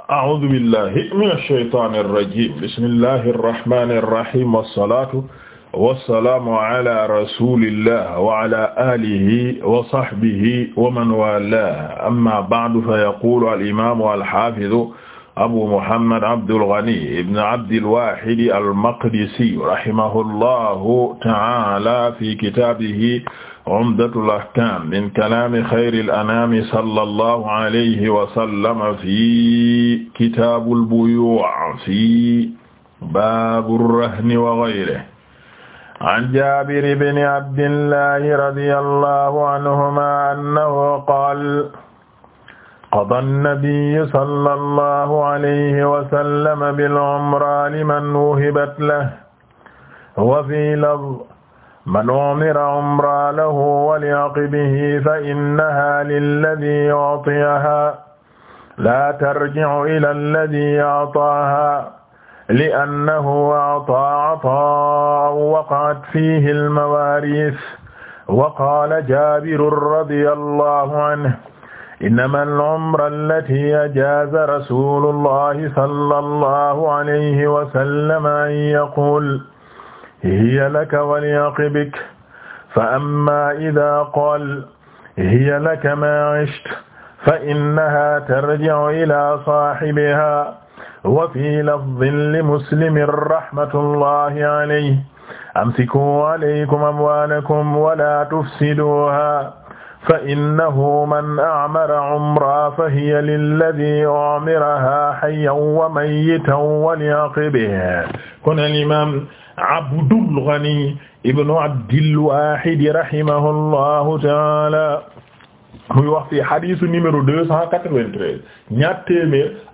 a'uuzu billahi mina shaytaani rajiim bismillahi rahmaani rahiim wassalaatu wassalaamu ala rasuulillah wa ala aalihi wa sahbihi wa man waalaahu ammaa ba'du fa yaquulu al-imaamu al-haafizu abu muhammad abdul ghani ibn abdil waahid al-maqdisi rahimahullahu ta'ala fi kitaabihi umdatul ahkaam min kalaami xayril anaami sallallahu alayhi wa sallam fi kitaabul buyuu' fi baabur rahni wa ghayrihi an jaabir ibn abdillahi radiyallahu anhumaa annahu qaala qada annabiyu sala allahu alayhi wasallama bilomra liman wuhibat lah wa fi lafz man umira umra lahu wa liaqibihi fa innaha lilladi utiyaha la tarji'u ila alladi ataaha li'annahu ataa ataa waqa'at fihi almawaarith wa qaala jaabiru radiyallahu anhu innama al-umra allati ajaaza rasuulullahi sallallahu alayhi wa sallam an yaqul hiya laka wa li-aqibik fa amma idaa qaala hiya laka maa ishta fa innahaa tarji'u ilaa saahibihaa wa fii lafdin li-muslimin rahmatullahi alayhi amsikuu alaykum amwaalakum wa laa tufsiduuhaa fa innahu man amara umra fa hiya lilladi umiraha hayyan wa mayyitan wa liaqibihi kon alimam Abdul Ghani ibnu Abdil Wahid rahimahullahu taala muy wax fii xadiisu numéro deux cent quatre-vingt-treize ñaar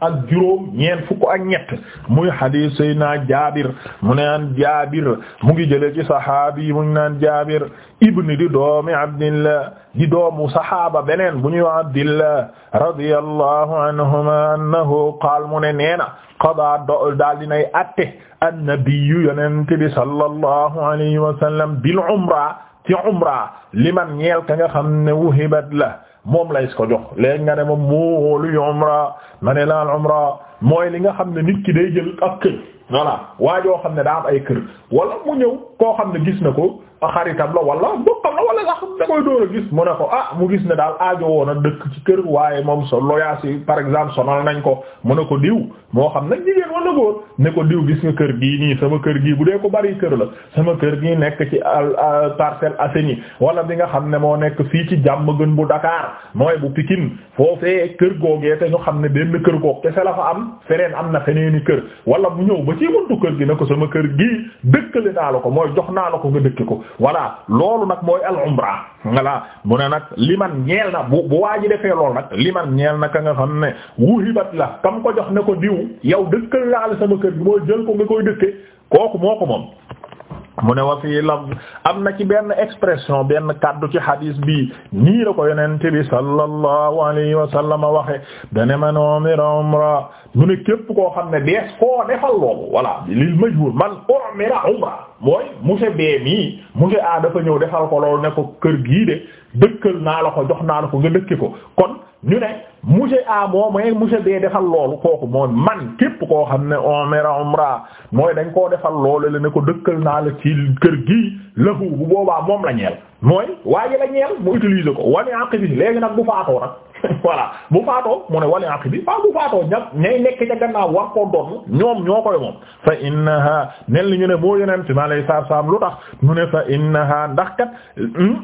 ak juróom ñeent fukk ak ñett muy xadiis Seydina Jaabir mu ne an Jaabir mu ngi jëlee ci saxaabi mu ngi naan Jaabir ibni di doomi Abdillah di doomu saxaaba beneen bu ñuy wax Abdillah radiyallahu anhuma annahu qaal mu ne nee na qadaa do daal dinay atte annabiyu yonente bi sallallahu alayhi wa bil umra ci umra liman ñeel ka nga xam ne wuhibat la moom lays ko jox léegi nga ne moom moo wóolu umra ma ne laal umra mooy li nga xam ne nit ki day jël ak kër voilà waa joo xam ne daa am ay kër wala mu ñëw koo xam ne gis na ko xaritam la wala bokkam la wala sax da koy door a gis mu ne ko ah mu gis ne daal aajo woon dëkk kër waaye moom so loyaas par exemple sonal nañ ko mu ne ko diw moo xam nag jigéen wala ne ko diw gis nga kër gi nii sama kër gii bu dee ko bari kër la sama kër gi nekk ci euh, Parcelles Assainies wala bi nga xam ne moo nekk fii ci jàmm gën bu Dakar mooy bu Pikine foofee kër googee te ñu xam ne benn kër goog kese la fa am feneen am na feneeni kër wala mu ñëw ci buntu kër gi ne ko sama kër gii dëkkale naa la ko mooy jox naa la ko nga dëkke ko voilà loolu nag mooy al umra voilà mu ne nag liman ñeel na bu bu waa ji defee loolu nag liman ñeel na ka nga xam ne wuhibat la kam ko jox ne ko diw yow dëkkal naa la sama kër gi mooy jël ko nga koy dëkke kooku moo ko moom mu ne wa fii la am na ci benn expression benn kaddu ci hadis bi nii la ko yonent bi sallallahu alayhi wa sallam waxe dane man umira umra mu ne képp koo xam ne dees koo defal loolu voilà lil majhul man umira umra mooy monsieur bee mii monsieur a dafa ñëw defal ko loolu ne ko kër gii de dëkkal naa la ko jox naa la ko nga dëkke ko kon ñu ne monsieur A moo mooy monsieur B defal loolu kooku mooy man képp koo xam ne umra umra mooy dañ koo defal loolu la ne ko dëkkal naa la ci kër gi la bu boobaa moom la ñeel mooy waaye la ñeel mu utiliser ko wali àq bi léegi nag bu faatoo nag voilà bu faatoo mu ne wali àq bi waaw bu faatoo ña ñay nekk ca gannaaw war koo doon ñoom ñoo koy moom fa innaha nel li ñu ne moo yeneen ci ma lay saar lu tax ñu ne fa innaha ndax kat hmm?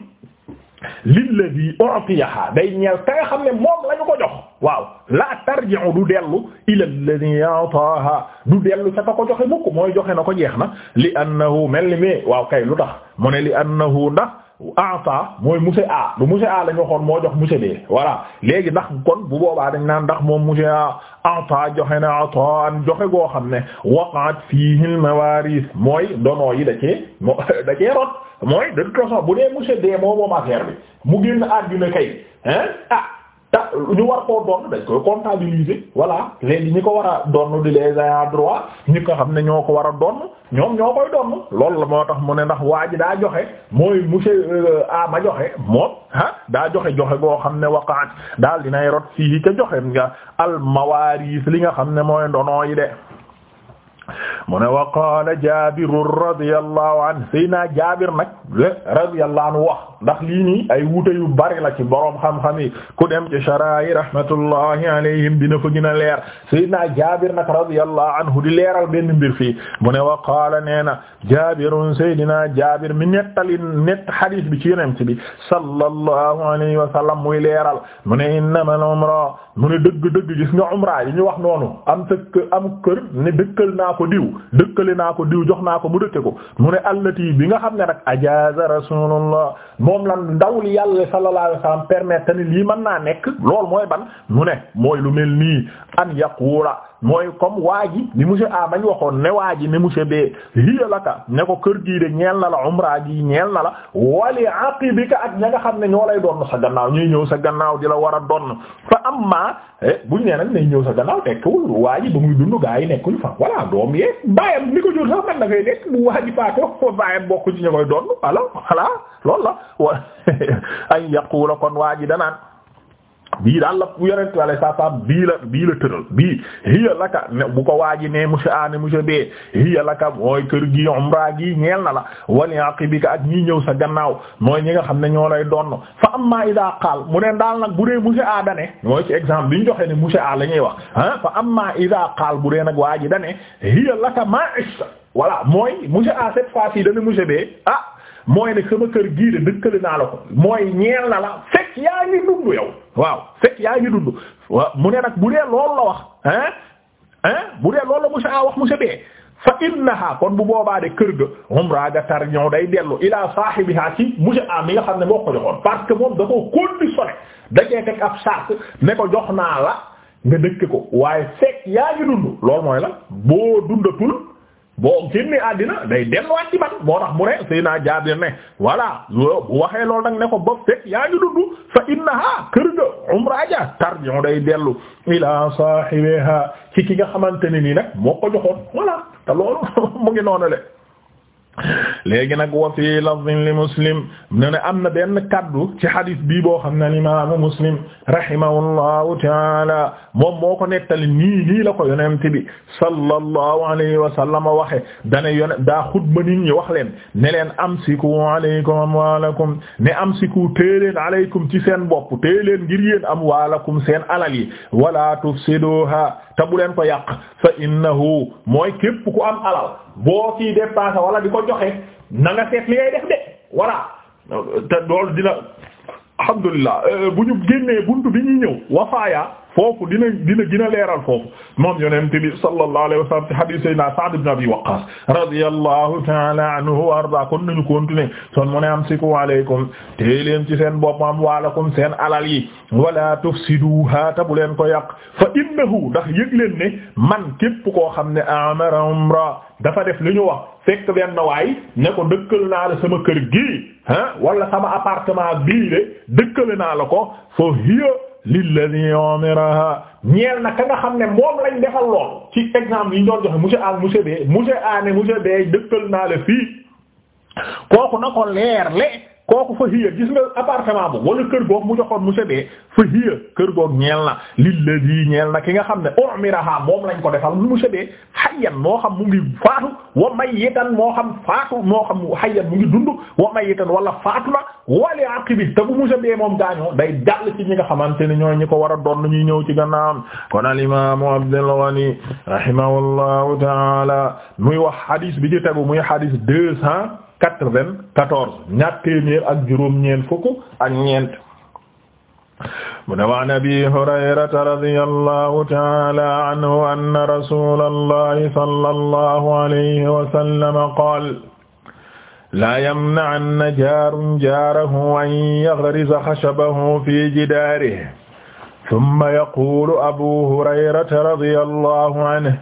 lilladi u'tiyaha day ñeel ka nga xam ne moom la ñu ko jox waaw la tarji'u du dellu ila alladi a'taha du dellu sa ko joxe mukk mooy joxe na ko jeex na li annahu mel ni mi waaw kay lu tax mu ne li annahu ndax a'ta mooy monsieur A du monsieur A la ñu waxoon moo jox monsieur B voilà léegi ndax kon bu boobaa dañ naan ndax moom monsieur A a'ta joxe na ataan joxe goo xam ne waqa'at fiihi al mawaris mooy dono yi da cee da cee rot mooy de toute façon bu dee monsieur D moo moom affaire bi mu génn àdduna kay hein ah ñu war koo doon dañ koy comptabiliser voilà léegi ñi ko war a doon di les ayants ñi ko xam ne ñoo ko war a doon ñoom ñoo koy doon loolu la moo tax mu ne ndax waa ji daa joxe mooy monsieur euh, A ma joxe moom ah daa joxe joxe goo xam ne waqaat daal dinay rot fii ca joxe nga al mawaris li nga xam ne mooy ndono yi de. mu ne wa qaala Jaabir radiyallahu anhu Seydina Jaabir nag radiyallahu anhu wax ndax lii nii ay wuute yu bari la ci borom xam-xam yi ku dem ci sharayi rahmatullahi alayhim dina fa gën a leer sayyidina jabir nag radiyallahu anhu di leeral benn mbir fii mu ne wa qaala nee na jabirun sayyidina jabir mi nettali nett hadith bi ci yonent bi sallallahu alayhi wa muy leeral mu ne innamal umra mu ne dëgg-dëgg gis nga umra yi ñu wax noonu am tëkk am kër ne dëkkal naa ko diw dëkkale naa ko diw jox naa ko mu dëkke ko mu ne allati bi nga xam ne nag ajaza rasulullah moom la ndaw li yàlla sallallahu alayhi wasallam permettre ni lii mën naa nekk lool mooy ban mu ne mooy lu mel nii an yaqura mooy comme waa ji li monsieur A mañ waxoon ne waa ji ne monsieur B hiya laka ne ko kër gii de ñeel na la umra gi ñeel na la wali aqibika ak ña nga xam ne ñoo lay doon sa gannaaw ñuy ñëw sa gannaaw di la war a doon fa amma eh, buñ nee nag nay ñëw sa gannaaw tekkiwul waa ji ba muy dund gaa yi nekkuñu fa voilà doom yee baayam ni ko jur wa ay yaqula kon waa ji danaan bii daal la yonent wala saa saa bii la bii la tëral bii hiya laka bu ko waaji ne monsieur A ne monsieur B hiya laka mooy kër gi umra gi ñeel na la wali aqibika ak ñi ñëw sa gannaaw mooy ñi xam ne ñoo lay doon fa amma ida qaal mu ne daal nag bu dee monsieur aa dane mooy ci exemple bi joxe ne monsieur A la ñuy wax ah fa amma ida qaal bu dee nag waaji dane hiya laka ma ista voilà mooy monsieur A cette fois-ci mooy ne sama kër gii de dëkkale naa la ko mooy ñeel na la fekk yaa ngi dund yow waaw fekk yaa ngi dund waaw mu ne nag bu dee loolu la wax hein hein bu dee loolu la monsieur A wax monsieur B fa innaha kon bu boobaa de kër ga umra ga tar ñëw day dellu ila saahibiha ci monsieur A mi nga xam ne moo ko joxoon parce que moom da ko conditionné dajee teg ab sart ne ko jox naa la nga dëkk ko waaye fekk yaa ngi dund loolu mooy la boo dundatul. boo génne àddina day delluwaat ci man moo tax mu ne Seydina Jaabir ne voilà bu waxee loolu nag ne ko ba fekk yaa ngi dund fa innaha kër ga umra ja tarji'u day dellu ila saahibiha ci ki nga xamante ne nii nag moo ko joxoon voilà te loolu mu ngi noonu le léegi nag wa fi lafdin li muslim ne am na benn kaddu ci hadis bi boo xam ne imaamu muslim rahimahullahu taala moom moo ko nettali nii nii la ko yonent bi sallallahu alayhi wa sallam waxe dana yone daa xutba nit ñi wax leen ne leen amsiku alaykum amwaalakum ne amsiku téye leen alaykum ci seen bopp téye leen ngir yéen amwaalakum seen alal yi wala tufsiduha te bu leen ko yàq fa innahu mooy képp ku am alal boo ciy dépensé wala di ko joxe na nga seet li ngay def de voilà te loolu dina alhamdulillah euh, bu ñu génnee buntu bi ñuy ñëw wafaaya foofu dina dina gën a leeral foofu moom yonent bi sallallahu alayhi wa sallam ci hadith sayyidina Sa'd ibn Abi Waqqas radiyallahu ta'ala anhu wa arda kon nañu continuer son mu ne amsiku alaykum tey leen ci seen bopp am waalakum seen alal yi wala tufsiduha ta bu leen ko yàq fa innahu ndax yëg leen ne man képp koo xam ne amara umra dafa def li ñu wax fekk benn waay ne ko dëkkal la sama kër gi ah wala sama appartement bii de dëkkale naa la ko fo hiya lilladhi umiraha ñeel na ka nga xam ne moom lañ defal lool ci exemple yi ñu doon joxe monsieur A mu B monsieur A mu monsieur B dëkkal naa la fii kooku na ko leer le kooku fa hiya gis nga appartement wala kër goog mu joxoon mu bee fa hiya kër goog ñeel na li lilladi ñeel na ki nga xam ne umiraha moom lañ ko defal monsieur bee hayyan moo xam mu ngi faatu wa mayyitan moo xam faatu moo xam hayyan mu ngi dund wa mayyitan wala faatu na wali aqibi te bu mu bee moom gaañoo day jàll ci ñi nga xamante ne ñooy ñi ko war a doon ñuy ñëw ci gannaam kon al imam Abdul Ghani rahimahullahu ta'ala muy wax hadith bi ci tegu muy hadith quatre-vingt-quatorze ñaar téeméer ak juróom ñeent fukk ak ñeent mu ne waan abi hurayrata radiyallahu ta'ala anhu anna rasulallahi sallallahu alayhi wa sallam qaala laa yamna'anna jaarun jaarahu an yaghriza khashabahu fi jidaarihi thumma yaquulu abu hurayrata radiyallahu anhu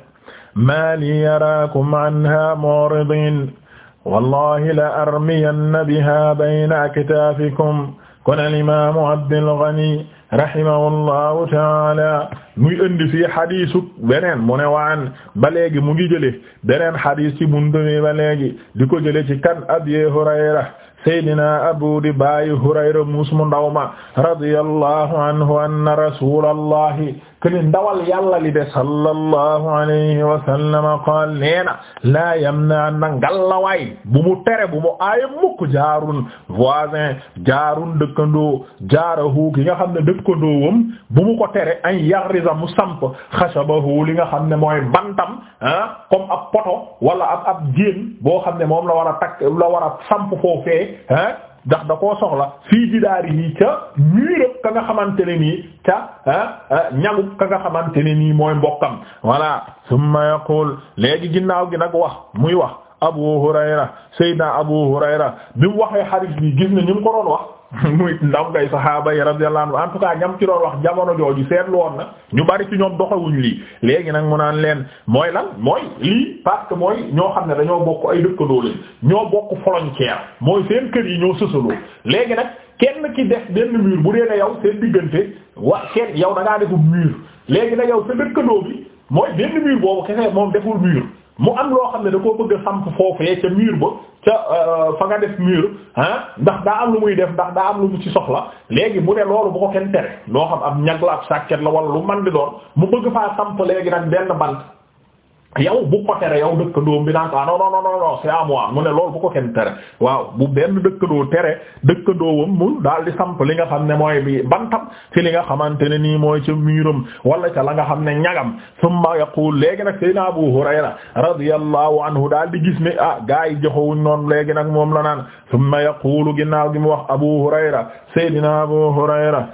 maa lii araakum anhaa mu'ridiin wallahi la armiyanna biha bayna aktafikum kon alimamu abdulgani rahimahullahu taala muy indi fii hadisu beneen mu ne waan ba léegi mu ngi jële beneen hadis ci mundumi ba léegi di ko jële ci kan abi hurayra saydina abu di baayi hurayra muus mu ndaw ma radiyallahu anhu anna rasulallahi kene ndawal yàlla li de sallallahu alayhi wa sallam qaal neena laa yamna na ngallawaay bu mu tere bu mu aaya mukk jaarun voisin jaarun dëkkandoo jaarahu ki nga xam ne dëkkandoowam bu mu ko tere ay an yaghriza mu samp xashabahu li nga xam ne mooy bantam ah comme ab poto wala ab ab jéen boo xam ne moom la war a takk la war a samp foofee ah ndax da koo soxla fii jidaari yi ca murab ka nga xamante ne nii ca ah, ah, ñagub ka nga xamante ne nii mooy mbokkam voilà summa yaqul léegi ginnaaw gi nag wax muy wax Abu Hurayra Seydina Abu Hurayra bi mu waxee xarit bi gis na ñu ko doon wax muy ndaw ngay saxaaba yi radiyallahu anhu en tout cas ñam ci doon wax jamono jooju seetlu woon na ñu bari ci ñoom doxewuñ lii léegi nag mu naan leen mooy lan mooy lii parce que mooy ñoo xam ne dañoo bokk ay dëkkandoo leen ñoo bokk frontière mooy seen kër yi ñoo sësaloo léegi nag kenn ki def benn mur bu dee ne yow seen diggante wa kenn yow da ngaa defu mur léegi nag yow sa dëkkandoo bi mooy benn mur boobu kese moom deful mur mu am loo xam ne da koo bëgg a samp foofee ca mur ba ca euh, fa nga def mur ah ndax daa am lu muy def ndax daa am lu mu ci soxla léegi bu ne loolu bu ko kenn tere loo xam ab ñag la ab sàkket la wala lu man di doon mu bëgg faa samp léegi nag benn bant yow bu ko tere yow dëkkandoom bi naan ko ah, non non non non c'est à ko kenn tere waaw bu benn dëkkandoo tere dëkkandoowam mu daal di samp li nga xam ne mooy bi bantam ci li nga xamante ne nii mooy ca miiram wala ca la nga xam ne ñagam summa yaqul léegi nag Seydina Abu Hurayra radiyallahu anhu daal di gis ne ah gaa yi joxewuñ noonu léegi nag moom la naan summa ginnaaw gi mu wax Abu Hurayra Seydina Abu Hurayra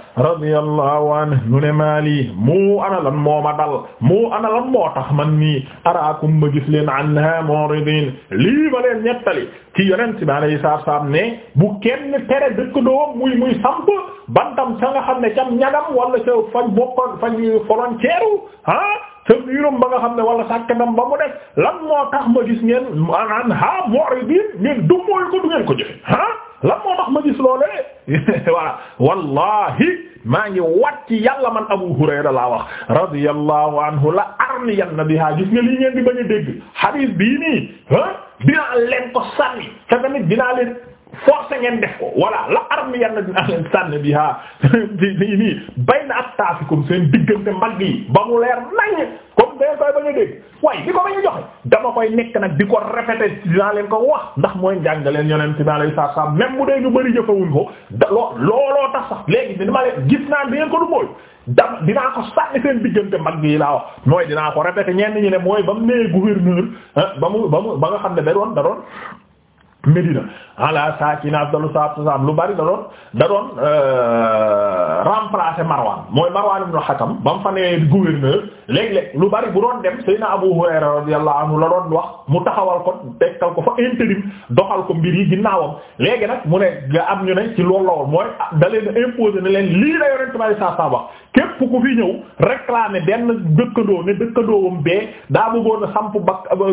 mu ne maali mu ana lan moo ma dal mu ana lan moo tax man nii araakum ma gis leen anha muridin lii ma leen ñettali ci yonent bi alayhi salaam ne bu kenn tere dëkkandoo muy muy samp bantam ca nga xam ne cam ñagam wala ca fañ bokkoon fañ volontaire ah ca biirum ba nga xam ne wala sàkkanam ba mu def lan moo tax ma gis ngeen anha muridin ngeen dummóoyu ko du ngeen ko ah. lan moo tax ma gis loolee waaw wallahi maa ngi wat ci yàlla man Abu Hurayra laa wax radiyallahu anhu la arniyanna biha gis nga lii ngeen di bañ a dégg hadith bii nii ah dinaa leen ko sànni te tamit dinaa leen force ngeen def ko voilà la armi yàlla dinaa leen sànni bi ha nii nii bay na ak taafi comme seen diggante mbagg yi ba mu leer nañ comme day koy bañ koy nekk nag di ko répéter dinaa leen ko wax ndax mooy njàngaleen yonent bi alayhi salaam même bu dee ñu bari jëfewuñ ko da looloo tax sax léegi dina ma leen gis ko du mooy dam dinaa ko sànni seen diggante mbagg laa wax dinaa ko répéter ñenn ñi mooy ba mu nee gouverneur ah, ba mu ba mu ba nga xam ne da doon da Medina ala sakin afdalu salaatu wassalaam lu bari da doon da doon euh, remplacer Marwan mooy Marwan ibn Hakam ba mu fa nee gouverneur léeg-léeg lu bari bu doon dem Seydina Abu Hurayra radiyallahu anhu la doon wax mu taxawal ko dekkal ko fa intérim doxal ko mbir yi ginnaawam léegi nag mu ne nga am ñu ne ci loolu la woon mooy da leen imposer ne leen lii la Yonent bi sallallahu alayhi wax képp ku fi ñëw réclamer benn dëkkandoo ne dëkkandoowam bee daa bëggoon a samp bak ab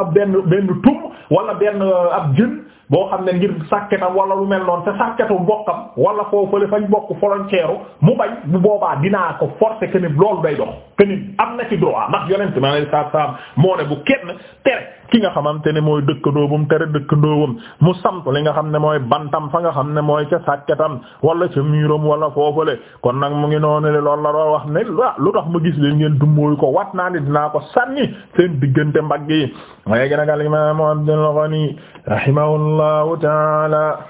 ab benn benn tum wala benn ab jën boo xam ne ngir sàkketam wala lu mel noonu te sàkketu mbokkam wala foofale fañ bokk frontière mu bañ bu boobaa dinaa ko forcer que ni loolu day dox que ni am na ci droit ndax yonent ma lay saab saab moo ne bu kenn tere ki nga xamante ne mooy dëkkandoobum tere dëkkandoobum mu samp li nga xam ne mooy bantam fa nga xam ne mooy ca sàkketam wala ca miiram wala foofale kon nag mu ngi noonu ne loolu la doon wax ne lu tax ma gis leen ngeen dummóoyu ko wat naa ne dinaa ko sànni diggante mbagg yi léegi nag rahimahullahu taala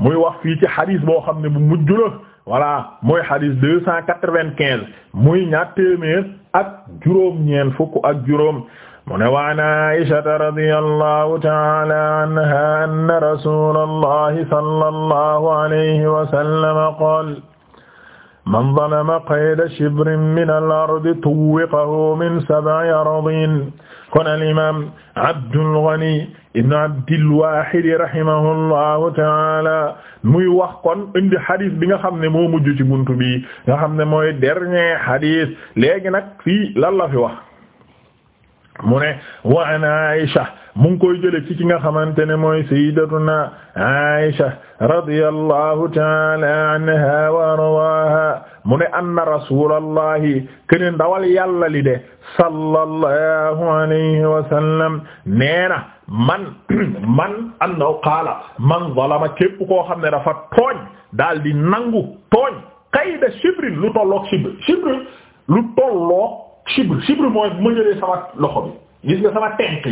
muy wax fii ci xadis boo xam ne bu mujj la voilà mooy xadis deux cent quatre-vingt-quinze muy ñaar téeméer ak juróom-ñeent fukk ak juróom mu ne waan Aysata radiyallahu taala anha anna rasuulallahi sallallahu alayhi wa sallam qaala man zalama qayda shibrin min al-ardi tuwwiqahu min sab'i aradin kon al-imaam Abdul Ghani ibn Abdil Waahid rahimahullahu ta'ala muy wax kon indi xadis bi nga xam ne moo mujj ci buntu bi nga xam ne mooy dernier xadis léegi nag fii lan la fi wax mu ne wa an Aisha mu ngi koy jële ci ki nga xamante ne mooy sayyidatuna Aisha radiyallahu ta'ala anha wa arwaha mu ne anna rasulallahi kene ndawal yàlla li de sallallahu alayhi wa sallam neena man man annahu qaala man zalama képp koo xam ne dafa tooñ daal di nangu tooñ qayda shibrin lu tolloog shibr shibr lu tolloog shibr shibr mooy bu sama loxo bi gis nga sama tenk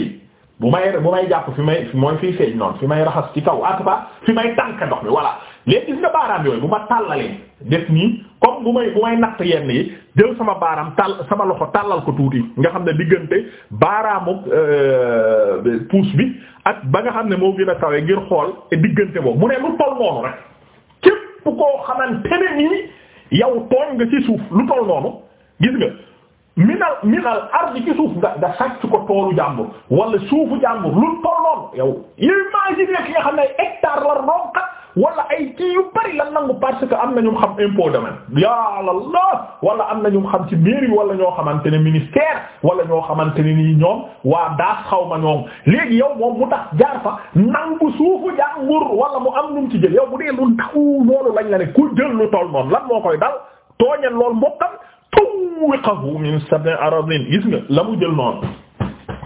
bu may bu may jàpp fi may mooy fii feeñ noonu fi may raxas ci kaw akba fi may tànk ndox mi voilà léegi nga baaraam yooyu bu ma tàllalee def nii comme bu may bu may natt yenn yi jël sama baaraam tàll sama loxo tàllal ko tuuti nga xam ne diggante baaraamu euh, pouce bi ak ba nga xam ne moo gën a kawe ngir xool diggante boobu mu ne lu toll noonu rek képp koo xamante ne nii yow tooñ nga ci suuf lu toll noonu gis nga minal minal ardi ci suuf nga nga ko toolu jàmbur wala suufu jàmbur lu tolloon yow imagine ki nga xam ne ay la ronka wala ay kii yu bari la nangu parce que am na ñu xam impôt domaine yaa Allah wala am na ñu xam ci mairie wala ñoo xamante ne ministère wala ñoo xamante ne nii ñoom waa daas xaw ma ñoom léegi yow moom mu tax jaar fa nangu suufu jàmbur wala mu am num ci jël yow bu dee lu ndaw loolu lañ la ne ku jël lu toll noonu lan moo koy dal tooñal lool mbokkam sawwiqahu min sab'i aradin gis nga la mu jël noonu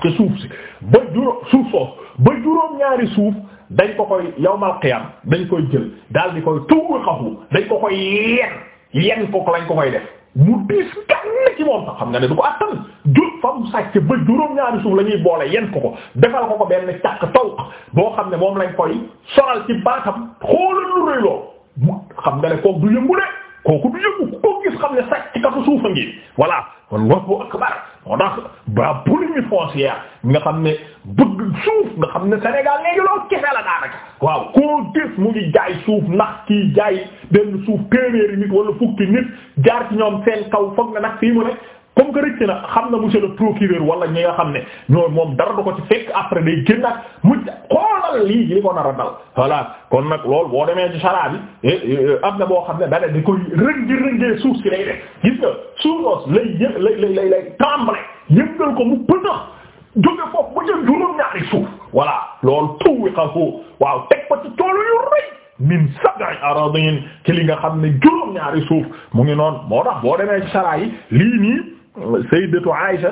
te suuf si ba juróom suuf soof ba juróom ñaari suuf dañ ko koy yawmal qiyam dañ koy jël daal di koy sawwiqahu dañ ko koy yen yen lañ ko koy def mu diis gànn ci moom sax xam nga ne du ko attan jur fa mu sàcc ba juróom-ñaari suuf la ñuy boole yen ko ko defal ko ko benn càq taw boo xam ne moom lañ koy soral ci baatam xoolal lu rëy lool xam nga ne du yëngu kooku du yëngu ko gis xam ne sàcc ci kafa a ngi voilà wallahu akbar moo tax ba polémique foncière nga xam ne bëgg suuf nga xam ne Sénégal léegi loolu kese la daanaka waaw koo gis mu ngi jaay suuf ndax kii jaay benn suuf téeméeri nit wala fukki nit jaar ci ñoom seen kaw foog nga nag fii mu ne comme que rëcc na xam na monsieur le procureur wala ñi nga xam ne ñooy moom dara du ko ci fekk après day gën nag mu xoolal lii li ko nar dal voilà kon nag loolu boo demee ci sara bi eh, eh, am na boo xam ne dane di koy rëngi rëngee suuf si lay def gis nga suufloos lay lay lay lay yëngal ko mu pëndax jóge foofu ba jël juróom-ñaari suuf voilà loolu tuwi xafoo waaw teg ko ci toolu yu rëy min sab'i aradin ci li nga xam ne juróom-ñaari suuf mu ngi noonu moo tax boo demee sayyidatu Aisha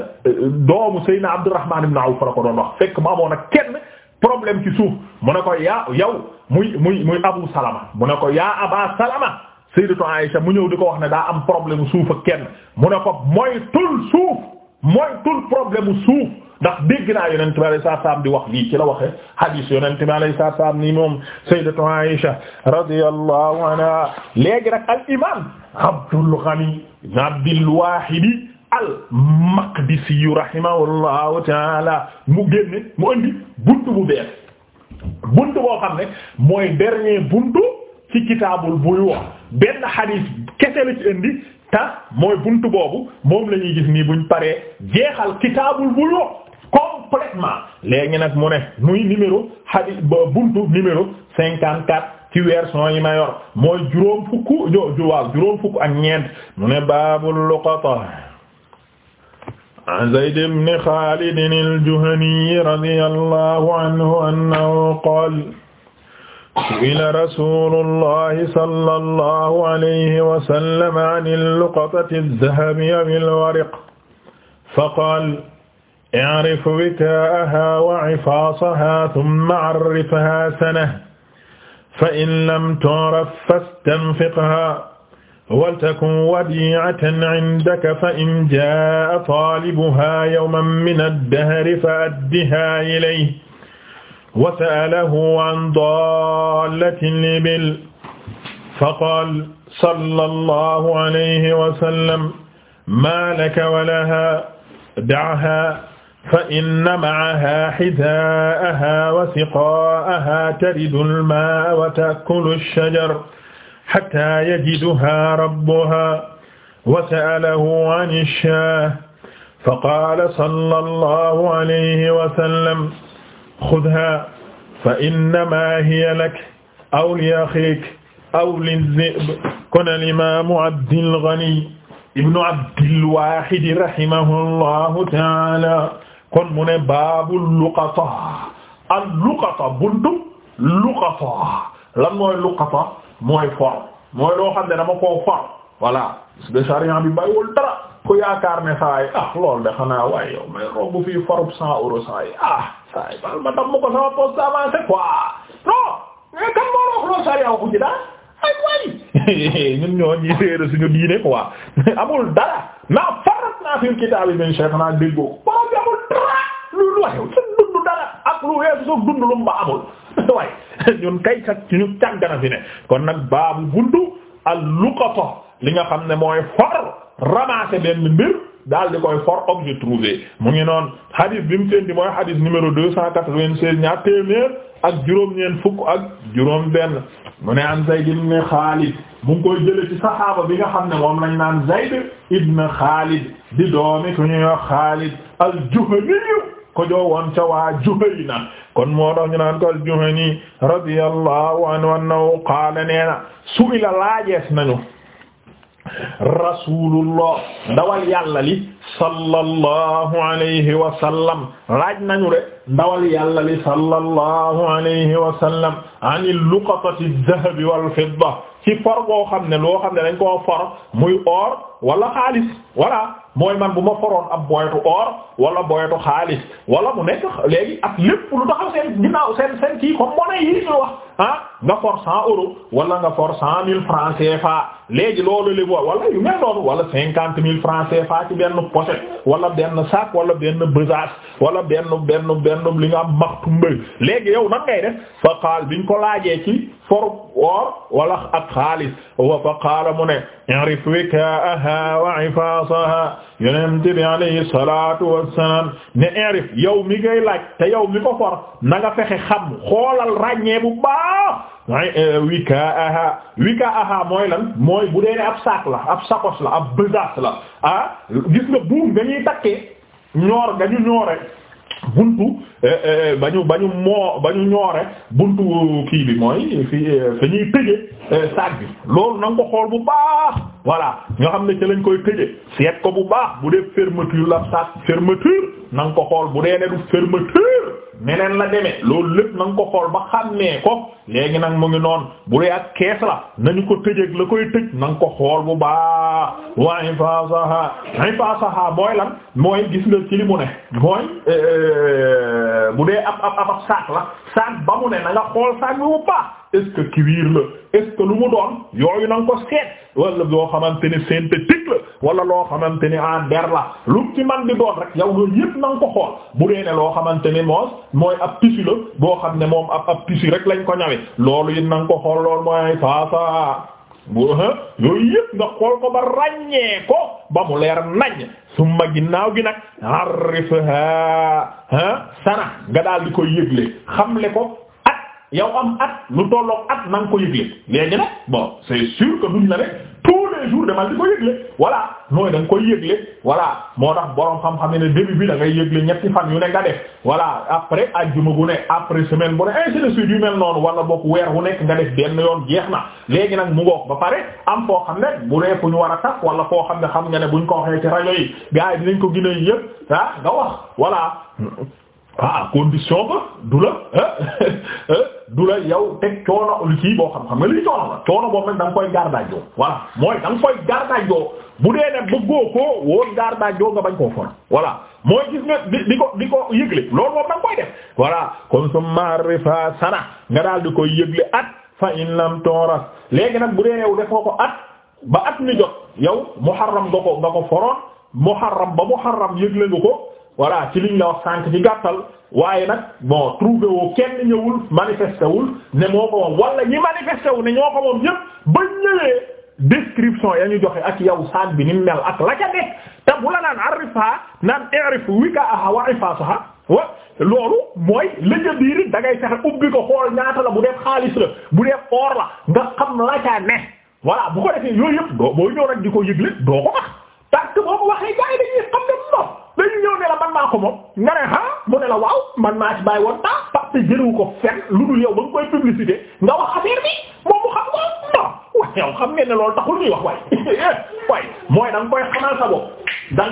doomu sayyidina Abdurrahman ibn Awf la ko doon wax fekk mu amoon ak kenn problème ci suuf mu ne ko yaa yow muy muy muy Abu Salama mu ne ko yaa Aba Salama sayyidatu Aisha mu ñëw di ko wax ne daa am problème suuf ak kenn mu ne ko mooy tul suuf mooy tul problème suuf ndax dégg naa yonent bi alayhi salaam di wax lii ci la waxee hadis yonent bi alayhi salaam nii moom sayyidatu Aisha radiyallahu anha léegi nag al imam Abdul Ghani ibn Abdul Wahid al-Maqdisi rahimahullahu taala mu génne mu andi buntu bu bees buntu boo xam ne mooy dernier buntu ci kitaabul buy wax benn xadiis kese la ci indi te mooy buntu boobu moom la gis nii buñ paree jeexal kitaabul buy wax complètement léegi nag mu ne muy numéro xadiis buntu numéro cinquante quatre ci version yi ma yor mooy juróom fukk jo waaw juróom fukk ak ñeent mu ne baabul luqata an Zayd ibn Xaalid al-Juhani radiyallahu anhu annahu qaala su'ila rasuulullahi sallallahu alayhi wa sallam ani luqatati az-zahabi aw al-waraq faqaala i'rif wikaa'ahaa wa 'ifaasahaa thumma 'arrifhaa sanatan fa in lam tu'raf fastanfiqhaa waltakun wadi'atan 'indaka fa in jaa'a taalibuhaa yawman mina ad-dahri fa addihaa ilayhi wa sa'alahu 'an daallati al-ibil faqaala sallallahu alayhi wa sallam maa laka wa lahaa da'haa fa inna ma'ahaa hidaa'ahaa wa siqaa'ahaa taridu al-maa'a wa ta'kulu ash-shajar xataa yajiduha rabbuha wa sa'alahu an ash-shaah fa qaala sallallahu alayhi wa sallam xudhaa fa innamaa hiya lak aw li axiik aw li-z-zi'b kon al-imaamu Abdul Ghani ibnu Abdil Waahid rahimahullahu ta'aalaa kon mu ne baabu luqata al-luqata buntu luqata lan mooy luqata mooy forme mooy loo xam ne dama koo forme voilà de charian bi bàyyiwul dara ku yaakaar ne saa yi ah loolu de xanaa waaye yow may romb fii forub cent euros saa yi ah saa yi bal ma dam ma ko sama poste avancé quoi non mais moo wax loolu charian waxu ci daal ay waay ñun ñoo ñi réer suñu diine quoi amul dara ak lu weesu su dund lu mu ba amul ñun kay sax ci ñu fi ne kon nag baabu buntu al luqata li nga xam ne mooy for ramasser benn mbir daal di koy for objet trouvé mu ngi noon hadith bi tendi mooy hadith numéro deux cent quatre-vingt-seize ñaar téeméer ak juróom en fukk ak juróom-benn mu ne an Zayd ibn Khalid mu koy jële ci saxaaba bi nga xam ne moom lañ naan Zayd ibn Khalid di doomi ku ñuy Khalid al-Juhani ko joowoon ca waa Juhayna kon moo tax ñu naan ko al-Juhani radiyallahu anhu annahu qaala neena su ila laajees nañu rasulullah ndawal yàlla li sallallahu alayhi wa sallam laaj nañu de ndawal yàlla li sallallahu alayhi wa sallam ani luqatati adh-dhahab wal fidda ci for boo xam ne loo xam ne dañ koo for muy or wala xaalis wala mooy man bu ma foroon ab boyetu or wala boyetu xaalis wala mu nekk léegi ak lépp lu taxaw seen ginnaaw seen seen kii comme monnaie yi ñu wax ah nga for cent euros wala nga for cent mille francs CFA léegi loolu léegi wala yu mel noonu wala cinquante mille francs fa ci benn pochette wala benn sac wala benn besace wala benn benn benn li nga am maxtu mbay léegi fa xaal biñ laajee ci for. woor wala ak xaalis wa fa qaala mu ne i'rif wikaaha wa ifaasaha yonent bi alayhi salatu wassalam ne i'rif yow mi ngay laaj te yow mi ko for na nga fexe xam xoolal ràññee bu baax e, wikaaha wikaaha mooy lan mooy bu dee ab sac la ab sakos la ab besace la ah gis nga buum dañuy takkee ñoor nga ñu ñoore buntu eh, eh, bañu bañu moo bañu ñoore buntu kii bi mooy fi eh, fi ñuy tëje saag bi loolu na xool bu baax voilà ñoo xam ne ca lañ koy tëje seet ko bu baax bu dee fermeture la sax fermeture na nga ko xool bu dee ne du fermeture neneen la demee loolu lépp na ko xool ba xàmmee ko léegi nag mu ngi noonu bu dee ak la nañu ko tëjeeg la koy tëj na nga ko xool bu baax waa ifasaha ifasaha mooy gis nga ci li euh, bu dee ab ab ab saak la saak ba mu ne na nga xool saak bi bu baax est-ce que cuir la est-ce que lu mu doon yooyu na nga ko seet wala loo xamante ne synthétique la wala loo xamante ni en der la lu ci man di doon rek yow loolu yëpp na ko xool bu dee ne loo xamante ni moos mooy ab tissu la boo xam ne moom ab ab tissu rek lañ ko ñawe loolu it na ko xool loolu mooy faasa bu yooyu yëpp nga xool ko ba ràññee ko ba mu leer nañ summa ginnaaw gi nag arif ha ha sana nga daal di koy yëgle xamle ko yow am at lu tolloog at na nga ko yëgle léegi nag bon c'est sûr que duñ la rek tous les jours demal di ko yëgle voilà nooy da nga koy yëgle voilà moo tax borom xam-xam ne début bi da ngay yëgle ñetti fan yu ne nga def voilà après ajjuma gu ne après semaine bu ne ainsi de suite yu mel noonu wala bokk weer wu nekk nga def benn yoon jeex na léegi nag mu ngook ba pare am foo xam ne bu dee fu ñu war a tax wala foo xam ne xam nga ne buñ ko waxee ci rajo yi gars yi dinañ ko gën a yëpp ah ah condition ba du la du yow teg coono lu kii boo xam xam nga lii coono la coono boo xam da nga koy gardaajoo voilà mooy da nga koy gardaajoo bu dee ne bëggoo koo woon gardaajoo nga bañ koo for voilà mooy gis nga di ko di ko yëgle loolu moom da koy def voilà kon su sana nga daal di koy yëgle at fa in lam toras léegi nag bu dee yow defoo ko at ba at mi jot yow muharram nga ko nga ko foroon muharram ba muharram yëgle nga ko voilà ci liñ la wax sànq ci gàttal waaye nag bon trouvé woo kenn ñëwul manifesté wul ne moo ko moom wala ñi manifesté wu ne ñoo ko moom ñëpp ba ñëwee description ya ñu joxe ak yow saag bi ni mu mel ak la ca nekk te bu la naan arifa naan irif wikaaha wa ifasaha wa loolu mooy lëjë biiri da ngay ubbi ko xool ñaata la bu def xaalis la bu def or la nga xam na ca ne voilà bu ko defee yooyu yëpp doo boo ñëw nag ko yëgle doo ko wax parce que ko waxee gars yi dañuy xam ne moom dañu ñëw ne man maa ko moom nga ne ah mu ne la waaw man maa ci bàyyi woon temps parce que jëriwu ko fenn lu dul yow ba nga koy publicité nga wax affaire bi moom mu xam ko non waaye yow xam ngeen ne loolu taxul ñuy wax waay waay mooy da nga koy xamal sa bopp da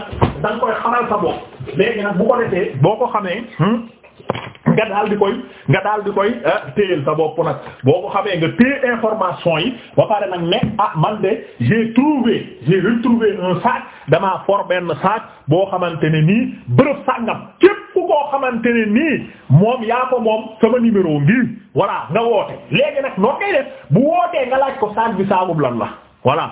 da koy xamal sa bopp léegi nag bu ko defee boo ko xamee. Hmm? nga daal di koy nga daal di koy ah, téyel sa bopp nag boo ko xamee nga téye information yi ba pare nag ne ah man de j'ai trouvé j'ai retrouvé un sac damaa for benn sac boo xamante ne nii bërëb sàngam képp koo xamante ne nii moom yaa ko moom sama numéro ngi voilà nga woote léegi nag noo koy def bu wootee nga laaj ko sac bi saagub lan la voilà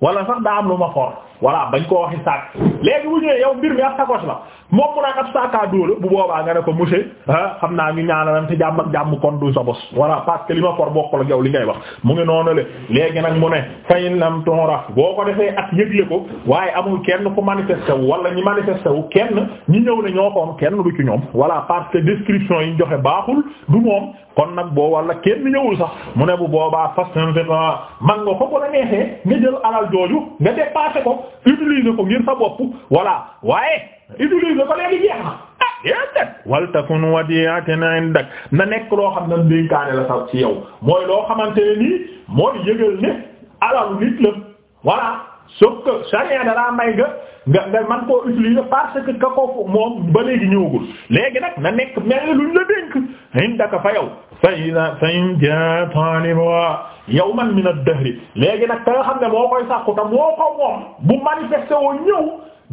wala sax daa am lu ma for voilà bañ koo waxi saak léegi wu ñëwee yow mbir mi ab sacoche la moom mu naan ab saaka dóola bu boobaa nga ne ko monsieur ah xam naa ñu ñaanalante jàmm ak jàmm kon du sa bos voilà parce que li ma for bokkul ak yow li ngay wax mu ngi noonu le léegi nag mu ne fayin lam tonraf boo ko defee ak yëgle ko waaye amul kenn ku manifesté wu wala ñi manifesté wu kenn ñi ñëw ne ñoo koon kenn du ci ñoom voilà parce que description yi joxe baaxul du moom kon nag boo wala kenn ñëwul sax mu ne bu boobaa façon ah, man nga ko ko la neexee ko ko utiliser ngir sa bopp voilà waaye utiliser ko léegi a na ah déedéet wal takun wadiyatan indak na nekk loo xam na dénkaane la sax ci yow mooy loo xamante ne nii mooy yëgal ne alalu nit la voilà sauf que charia may nga nga nga man koo utiliser parce que ka ko moom ba léegi ñëwagul léegi nag na nekk mais luñ la dénk indaka fa yow fa ida fa in ja taliba yawman min ad-dahri léegi nag ka nga xam ne moo koy sàkku ta moo ko moom bu manifesté woo ñëw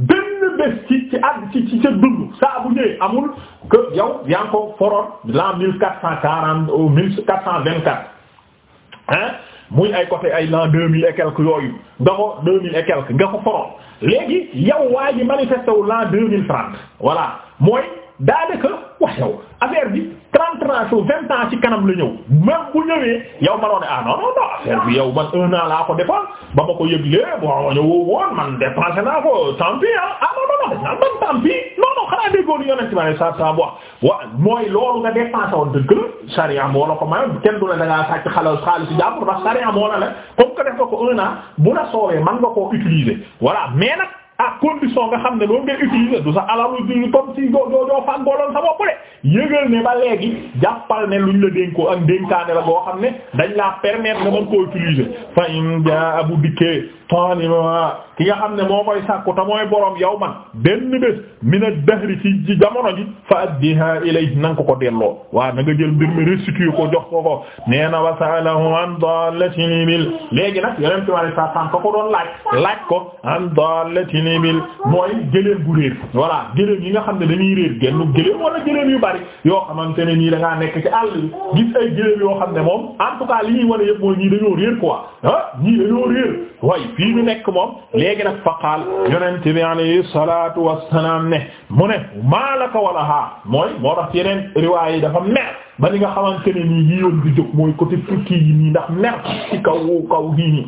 benn bés ci ci at ci ci ca dund saa bu ñëwee amul que yow yaa ngi ko foroon l'an mille quatre cent quarante au euh, mille quatre cent vingt quatre hein muy ay côté ay l'an deux mille et quelques yooyu nga ko deux mille et quelques nga ko foroon léegi yow waa ji manifesté wu l'an deux mille trente voilà mooy daanaka wax yow affaire bi trente ans ou vingt ans ci kanam la ñëw même bu ñëwee yow ma doon ne ah non non non affaire bi yow man un an laa ko defal ba ma ko yëglee bon ñëwoo woon man dépensé naa ko tant pis ah ah non non non tant xanaa déggoon yonent bi alayhi salaatu salaam wax wa mooy loolu nga dépensé woon dëgg la sariya moo la ko mayoon kenn du la da ngaa sàcc xalal xaalis jàmbur ndax sariya moo la la comme que def nga ko un an bu la soobee mën nga koo utiliser voilà mais nag à condition ne loolu ngay utiliser du sa alalu du comme si doo doo doo fàggoo lool sa bopp de yëgal ne ba léegi jàppal ne luñ la dénkoo ak dénkaane la boo xam ne dañ laa permettre nga mën koo utiliser fa in jaa abu dikkee taalibuha ki nga xam ne moo koy sa te mooy borom yow man benn bés mina dahri ci ci jamono ji fa addiha ilayhi na nga ko ko delloo waaw na nga jël mbir mi restitué ko jox ko ko nee na wasalahu an dalatil ibil léegi nag yeneen ci wàllu sàttan ko ko doon laaj laaj ko an dalatil ibil mooy gëléem bu réer voilà gëléem yi nga xam ne dañuy réer gennu gëléem wala yoo xamante ne nii da nekk ci àll bi gis ay yoo xam ne moom en tout cas li ñuy wane yëpp mooy ñii dañoo réer quoi ah ñii dañoo réer way fii ñu nekk moom léegi nag faqaal yonent bi alayhi salaatu wassalaam ne mu ne maalaka wala haa mooy moo yeneen riwaay yi dafa mer ba li nga xamante ne nii yi yoon di jóg mooy côté ndax mer ci kaw kaw gii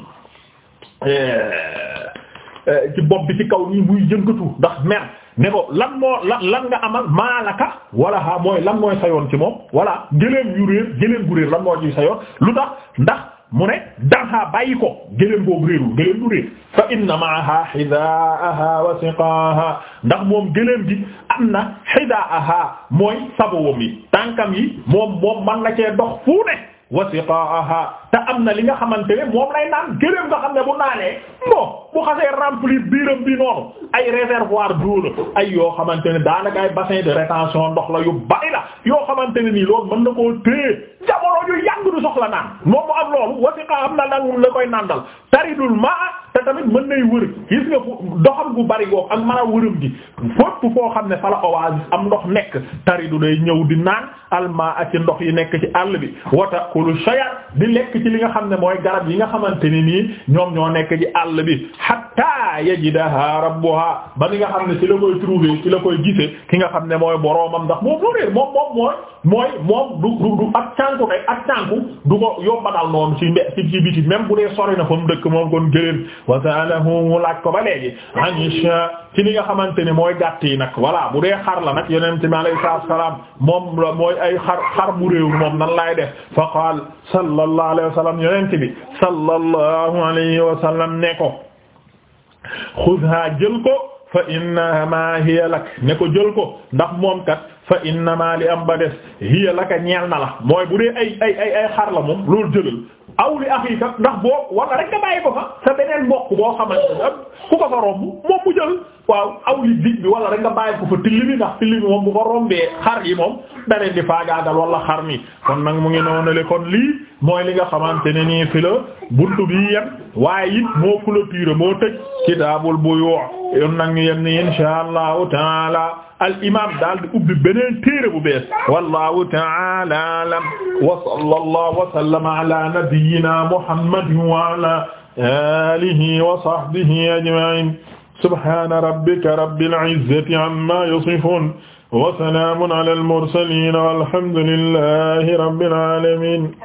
eh, ci bopp bi ci kaw nii muy jëngatu ndax mer ne lan moo lan lan nga amal maalaka wala mooy lan mooy sa yoon ci moom voilà gëléem yu réer gëléem gu réer lan moo ci sa yoon lu tax ndax mu ne danxaa bàyyi ko gëléem boobu réerul gëléem du réer fa inna maaha xidaaha wa siqaaha ndax moom gëléem gi am na xidaaha mooy sabowam yi tànkam yi moom moom man na cee dox fu wa siqaaha te am na li nga xamante ne moom lay naan gëléem nga xam ne bu naanee moo bu xasee remplir biiram bi noonu ay réservoir d'eau ay yoo xamante ne daanaka ay bassin de rétention ndox la yu bari yoo xamante ne nii loolu koo téye du soxla naan moom mu am loolu wasiqa am na nag la koy nandal taridul maa te tamit mën nay wër gis nga doxam gu bari goog ak mën a wëram gi fopp foo xam ne fala oasis am ndox nekk taridu day ñëw di naan almaa ak ci ndox yi nekk ci àll bi wata kulu shayar di lekk ci li nga xam ne mooy garab yi nga xamante ni nii ñoom ñoo nekk ci àll bi hatta yajidaha rabbuha ba ni nga xam ne ci la koy trouver ci la koy gise ki nga xam ne mooy boroomam ndax moom loréer moom moom mooy mooy moom du du du ak cànku kay ak cànku du ko yombanal noonu ci mbe ci ci biti même bu dee sori na fa mu dëkk moom kon gëléen gàtt yi nag voilà bu dee xar la nag yonent mi alayhi salaatu wa salaam moom la mooy ay xar xar bu réew moom nan laay def fa qaal sallallahu alayhi wa sallam yonent bi sallallahu alayhi wa sallam ne ko jël ko fa innama hiya lak ne ko jël ko ndax moom kat fa innama li am ba laka ñeel na la mooy bu dee ay ay ay moom loolu jëlal aw li axika ndax boo wala rek nga bàyyi ko fa sa beneen mbokk boo xamante ne ku ko fa romb moom mu jël waaw aw li bi wala rek nga bàyyi ko fa tilli bi ndax tilli bi moom bu ko rombee xar yi moom da leen di faagaagal wala xar mi kon nag mu ngi noonale kon lii mooy li nga xamante ne nii fi la buntu bi yem waaye it moo clôture moo tëj kitaabul buyu' yoon nag ñu yem ni insha allahu taala al imam daal di ubbi beneen téere bu bees wallahu ta'ala alam wa sallallahu wa sallama ala nabiyyina muhammadin wa ala alihi wa sahbihi ajma'in subhana rabbika rabbil izzati amma yasifun wa salamun ala al mursalin walhamdulillahi rabbil alamin